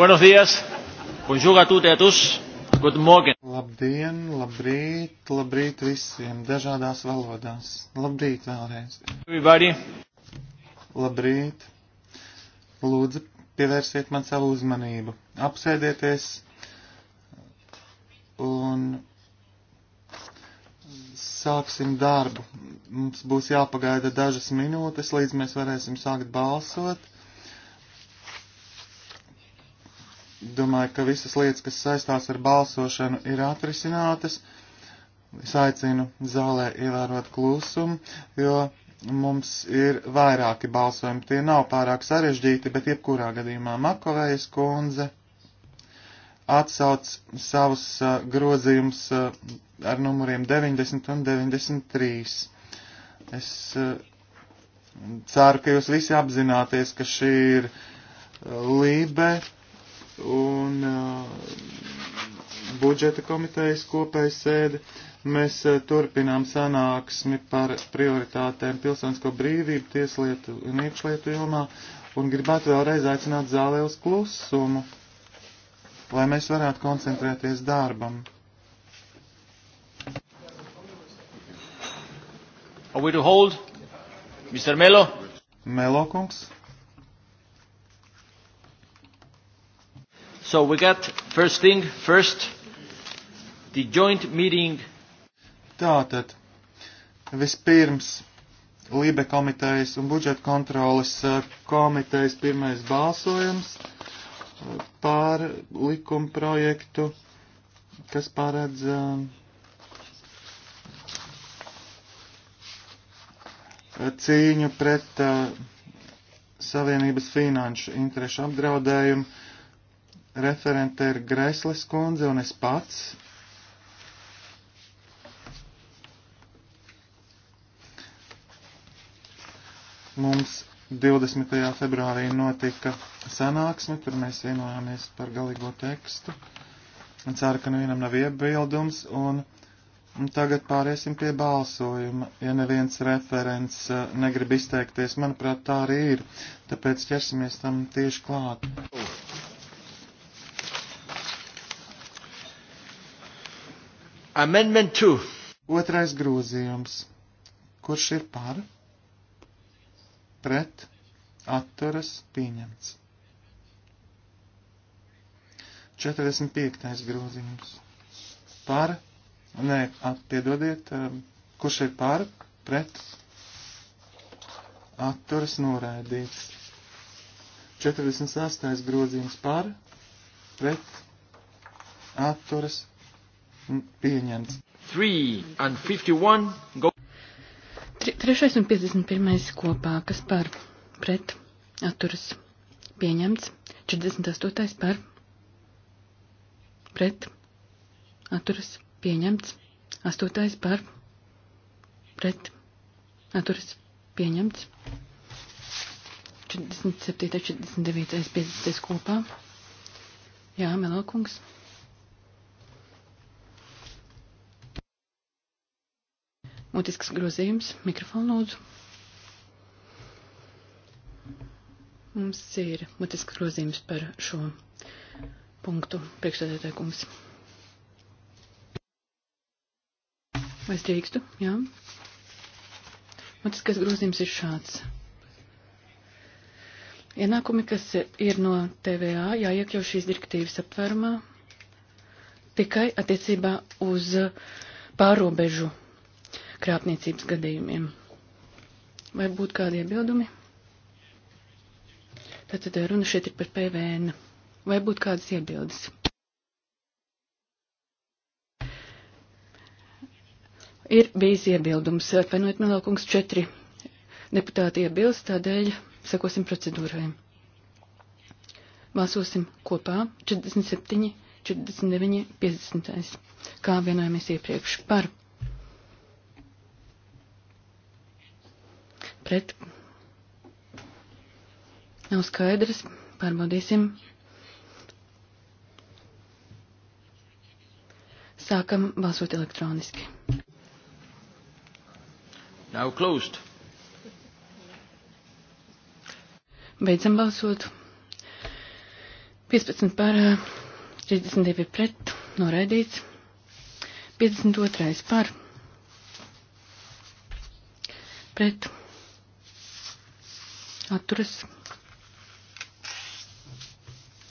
Buenos días. Bonjour à toutes et à tous. Good morning. Labdien, labrīt, labrīt visiem dažādās valodās. Labrīt vēlreiz. Everybody. Labrīt. Lūdzu, pievērsiet man savu uzmanību. Apsēdieties un sāksim darbu. Mums būs jāpagaida dažas minūtes, līdz mēs varēsim sākt balsot. Domāju, ka visas lietas, kas saistās ar balsošanu, ir atrisinātas. Es aicinu zālē ievērot klusumu, jo mums ir vairāki balsojumi. Tie nav pārāk sarežģīti, bet jebkurā gadījumā Makovējas kundze atsauc savus uh, grozījumus uh, ar numuriem 90 un 93. Es uh, ceru, ka jūs visi apzināties, ka šī ir uh, Lībe un uh, budžeta komitejas kopēja sēde. Mēs uh, turpinām sanāksmi par prioritātēm pilsonisko brīvību, tieslietu un iekšlietu jomā un gribētu vēlreiz aicināt zālē uz klusumu, lai mēs varētu koncentrēties darbam. Are we to hold? Mr. Melo? Melo kungs. So we got first thing first, the joint meeting. Tātad, vispirms Libe komitejas un budžeta kontrolas uh, komitejas pirmais balsojums uh, pār likuma projektu, kas paredz um, cīņu pret uh, Savienības finanšu interešu apdraudējumu Referente ir Greslis kundze un es pats. Mums 20. februārī notika sanāksme, kur mēs vienojāmies par galīgo tekstu. Un ceru, ka nevienam nav iebildums. Un, un tagad pāriesim pie balsojuma. Ja neviens referents eh, negrib izteikties, manuprāt, tā arī ir. Tāpēc ķersimies tam tieši klāt. Uh. Amendment 2. Otrais grozījums. Kurš ir par? Pret. Atturas pieņemts. 45. grozījums. Par. Nē, atpiedodiet. Um, kurš ir par? Pret. Atturas noraidīts. 48. grozījums par. Pret. Atturas Pieņemts. 3 and 51. Go. 3 un 51 kopā, kas par pret atturas pieņemts. 48 par pret atturas pieņemts. 8 par pret atturas pieņemts. 47, 49, 50 kopā. Jā, Melokungs. Mutisks grozījums. Mikrofonu lūdzu. Mums ir mutisks grozījums par šo punktu priekšsēdētāju kungs. Vai es drīkstu? Jā. Mutiskais grozījums ir šāds. Ienākumi, kas ir no TVA, jāiekļau šīs direktīvas aptvērumā tikai attiecībā uz pārobežu krāpniecības gadījumiem. Vai būtu kādi iebildumi? Tātad runa šeit ir par PVN. Vai būtu kādas iebildes? Ir bijis iebildums, atvainojiet, Milaukungs, četri deputāti iebilst, tādēļ sekosim procedūrai. Balsosim kopā 47, 49, 50. Kā vienojamies iepriekš par pret. Nav skaidrs. Pārbaudīsim. Sākam balsot elektroniski. Now closed. Beidzam balsot. 15 par 32 eh, pret, noraidīts. 52 par pret atturas.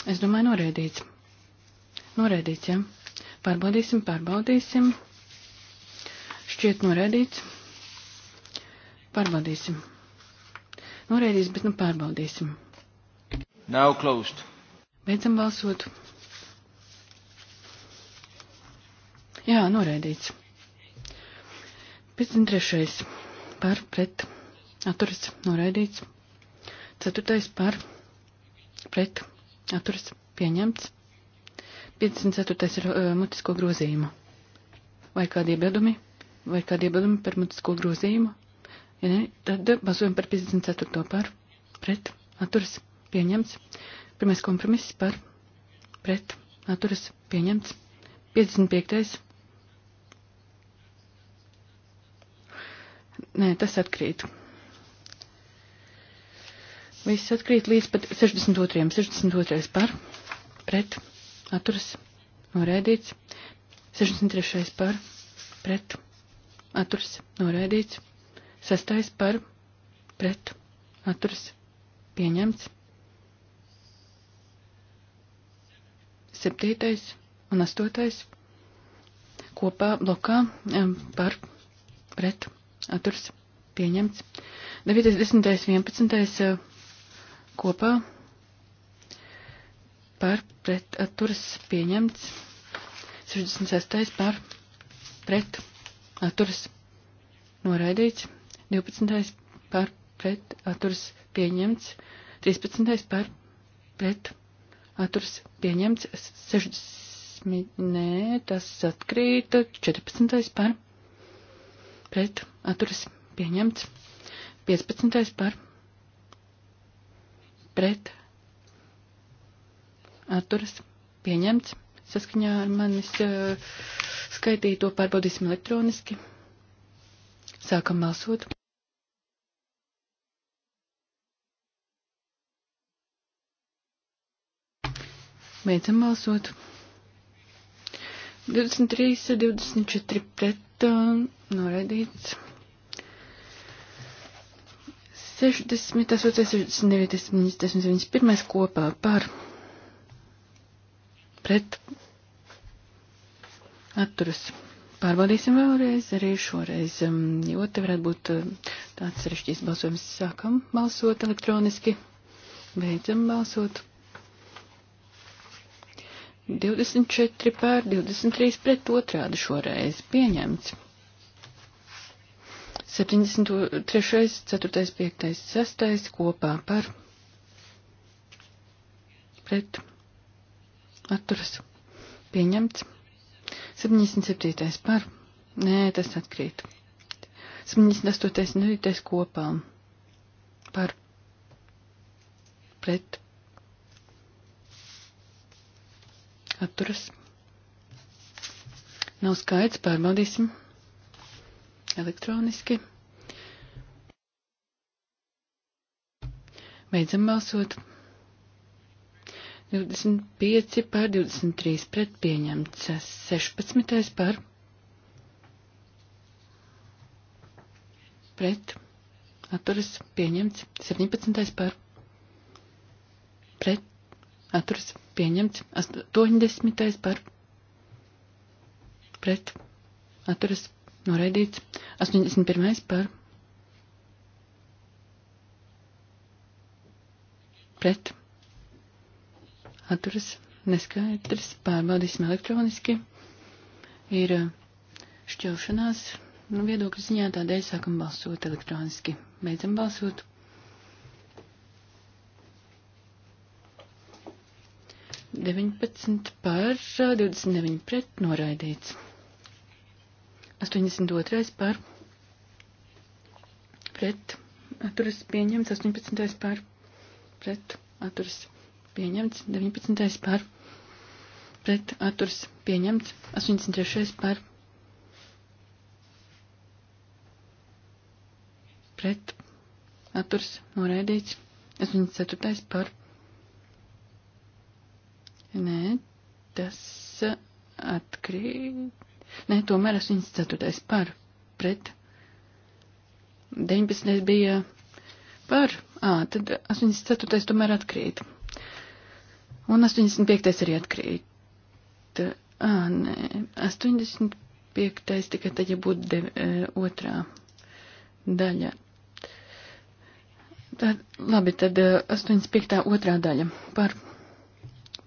Es domāju, noraidīts. Noraidīts, jā. Ja? Pārbaudīsim, pārbaudīsim. Šķiet noraidīts. Pārbaudīsim. Noraidīts, bet nu pārbaudīsim. Now closed. Beidzam balsot. Jā, noraidīts. 53. par pret atturas noraidīts. Ceturtais par pret atturas pieņemts. 54. ir uh, mutisko grozījumu. Vai kādi iebildumi? Vai kādi iebildumi par mutisko grozījumu? Ja ne, tad balsojam par 54. par pret atturas pieņemts. Pirmais kompromiss par pret atturas pieņemts. 55. Nē, tas atkrīt. Viss atkrīt līdz pat 62. 62. par, pret, atturas, noraidīts. 63. par, pret, atturas, noraidīts. 6. par, pret, atturas, pieņemts. 7. un 8. kopā blokā par, pret, atturas, pieņemts. 9. 10. 11 kopā par pret atturas pieņemts. 66. par pret atturas noraidīts. 12. par pret atturas pieņemts. 13. par pret atturas pieņemts. 60. Nē, tas atkrīta. 14. par pret atturas pieņemts. 15. par pret pret atturas pieņemts. Saskaņā ar manis uh, skaitīto pārbaudīsim elektroniski. Sākam balsot. Beidzam balsot. 23, 24 pret uh, noraidīts. 60, 69, 71 pirmais kopā par pret atturas. Pārbaudīsim vēlreiz, arī šoreiz, um, jo te varētu būt uh, tāds sarešķīts balsojums. Sākam balsot elektroniski, beidzam balsot. 24 pār 23 pret otrādi šoreiz pieņemts. 73, 4, 5, 6 kopā par pret atturas pieņemts. 77. par. Nē, tas atkrīt. 78. un 9. kopā par pret atturas. Nav skaidrs, pārbaudīsim elektroniski. Beidzam balsot. 25 pār 23 pret pieņemts. 16 pār pret atturas pieņemts. 17 pār pret atturas pieņemts. 80 pār pret atturas noraidīts. 81 pār pret pret atturas neskaidrs, pārbaudīsim elektroniski. Ir uh, šķelšanās nu, viedokļu ziņā, tādēļ sākam balsot elektroniski. Beidzam balsot. Deviņpadsmit par, uh, divdesmit deviņi pret, noraidīts. Astoņdesmit otrais par, pret, atturas pieņemts, astoņpadsmitais par, pret pret atturas pieņemts, 19. par pret atturas pieņemts, 83. par pret atturas noraidīts, 84. par Nē, tas uh, atkrīt. Nē, tomēr 84. par pret. 19. bija par, ā, tad 84. tomēr atkrīt. Un 85. arī atkrīt. Ā, nē, 85. tikai tad, ja būtu de, e, otrā daļa. Tad, labi, tad 85. otrā daļa par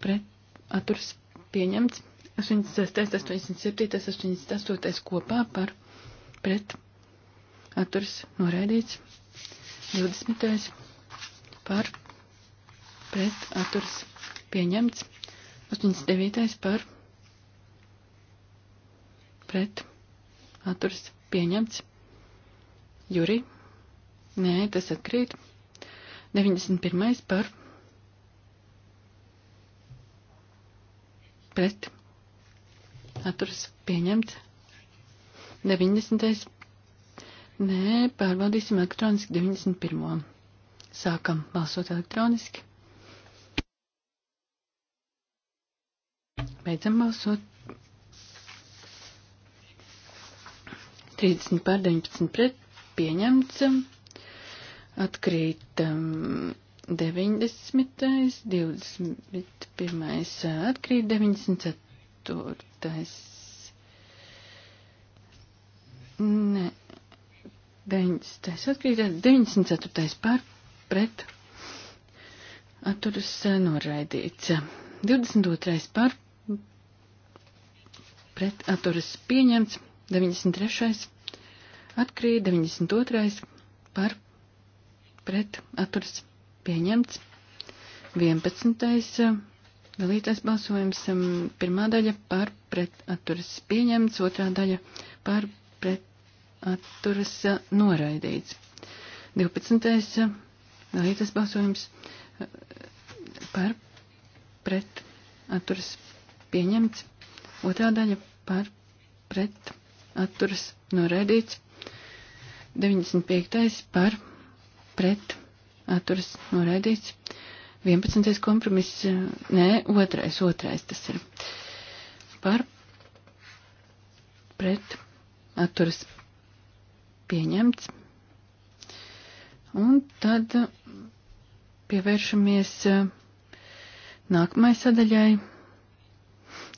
pret atturs pieņemts. 86, 87, 88 kopā par pret atturs noraidīts. 20. par pret atturas pieņemts. 89. par pret atturas pieņemts. Juri. Nē, tas atkrīt. 91. par pret atturas pieņemts. 90. Nē, pārbaudīsim elektroniski 91. Sākam balsot elektroniski. Beidzam balsot. 30 pār 19 pret pieņemts. Atkrīt um, 90, 21, uh, atkrīt 94. Nē, 90. atkrīt, 94. par pret atturas eh, noraidīts. 22. par pret atturas pieņemts. 93. atkrīt, 92. par pret atturas pieņemts. 11. Eh, dalītais balsojums, pirmā daļa par pret atturas pieņemts, otrā daļa par pret atturas noraidīts. 12. dalītas balsojums par pret atturas pieņemts. Otrā daļa par pret atturas noraidīts. 95. par pret atturas noraidīts. 11. kompromiss, nē, otrais, otrais tas ir par pret atturas noraidīts pieņemts. Un tad pievēršamies eh, nākamajai sadaļai.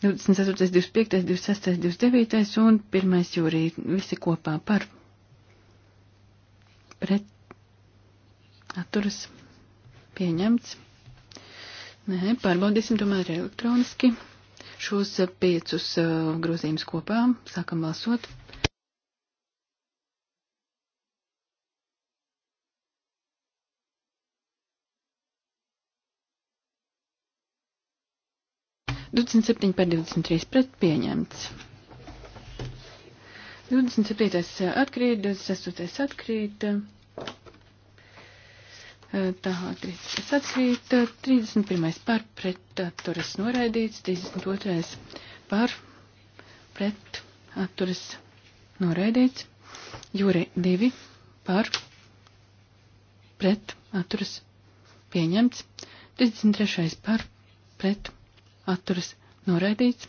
24, 25, 26, 29 un 1. jūrija visi kopā par pret atturas pieņemts. Nē, pārbaudīsim tomēr elektroniski šos piecus eh, grozījumus kopā. Sākam balsot. 27 par 23 pret pieņemts. 27. Eh, atkrīt, 28. atkrīt, eh, tā atkrīt, atkrīt, 31. par pret eh, atturas noraidīts, 32. par pret atturas noraidīts, jūri 2 par pret atturas pieņemts, 33. par pret atturas noraidīts.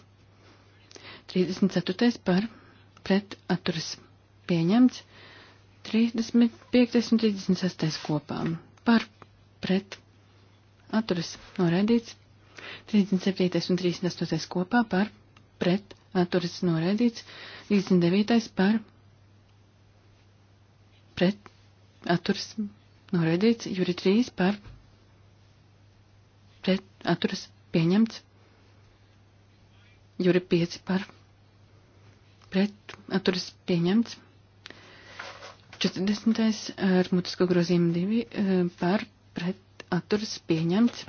34. par pret atturas pieņemts. 35. un 36. kopā par pret atturas noraidīts. 37. un 38. kopā par pret atturas noraidīts. 39. par pret atturas noraidīts. Juri 3 par pret atturas pieņemts. Juri 5 par pret atturas pieņemts. 40. ar mutisko grozījumu 2 eh, par pret atturas pieņemts.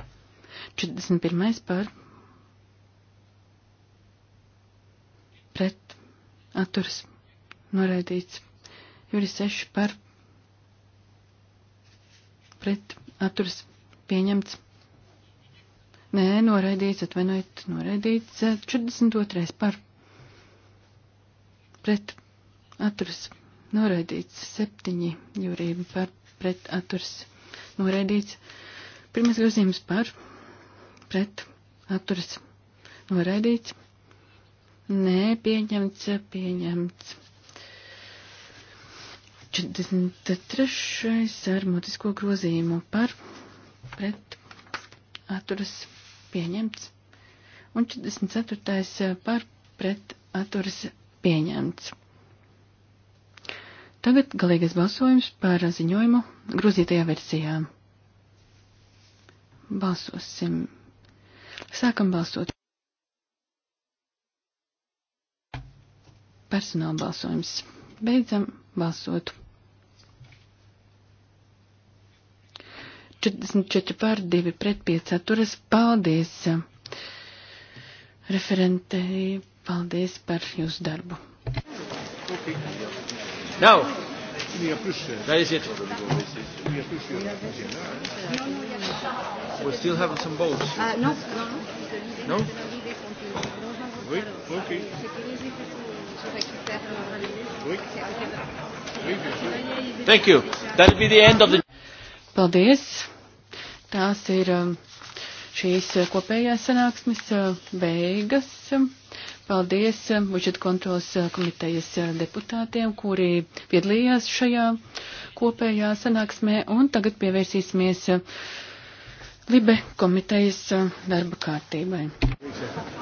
41. par pret atturas noraidīts. Juri 6 par pret atturas pieņemts. Nē, noraidīts, atvainojiet, noraidīts. 42. par. Pret aturs. Noraidīts. 7. jūrība par. Pret aturs. Noraidīts. Pirmais grozījums par. Pret aturs. Noraidīts. Nē, pieņemts, pieņemts. 43. ar mutisko grozījumu par. Pret aturs pieņemts. Un 44. Eh, par pret atturas pieņemts. Tagad galīgais balsojums par ziņojumu grozītajā versijā. Balsosim. Sākam balsot. Personāla balsojums. Beidzam balsot. 44 pār 2 pret 5 atturas. Paldies eh, referentei, paldies par jūsu darbu. Now, that is it. We still have some votes. Uh, no, no. No? Oui, ok. Oui. Oui, Thank you. That'll be the end of the. Paldies. Tās ir um, šīs kopējās sanāksmes uh, beigas. Paldies um, budžeta kontrolas uh, komitejas uh, deputātiem, kuri piedalījās šajā kopējā sanāksmē. Un tagad pievērsīsimies Libe komitejas darba kārtībai. Līdzēr.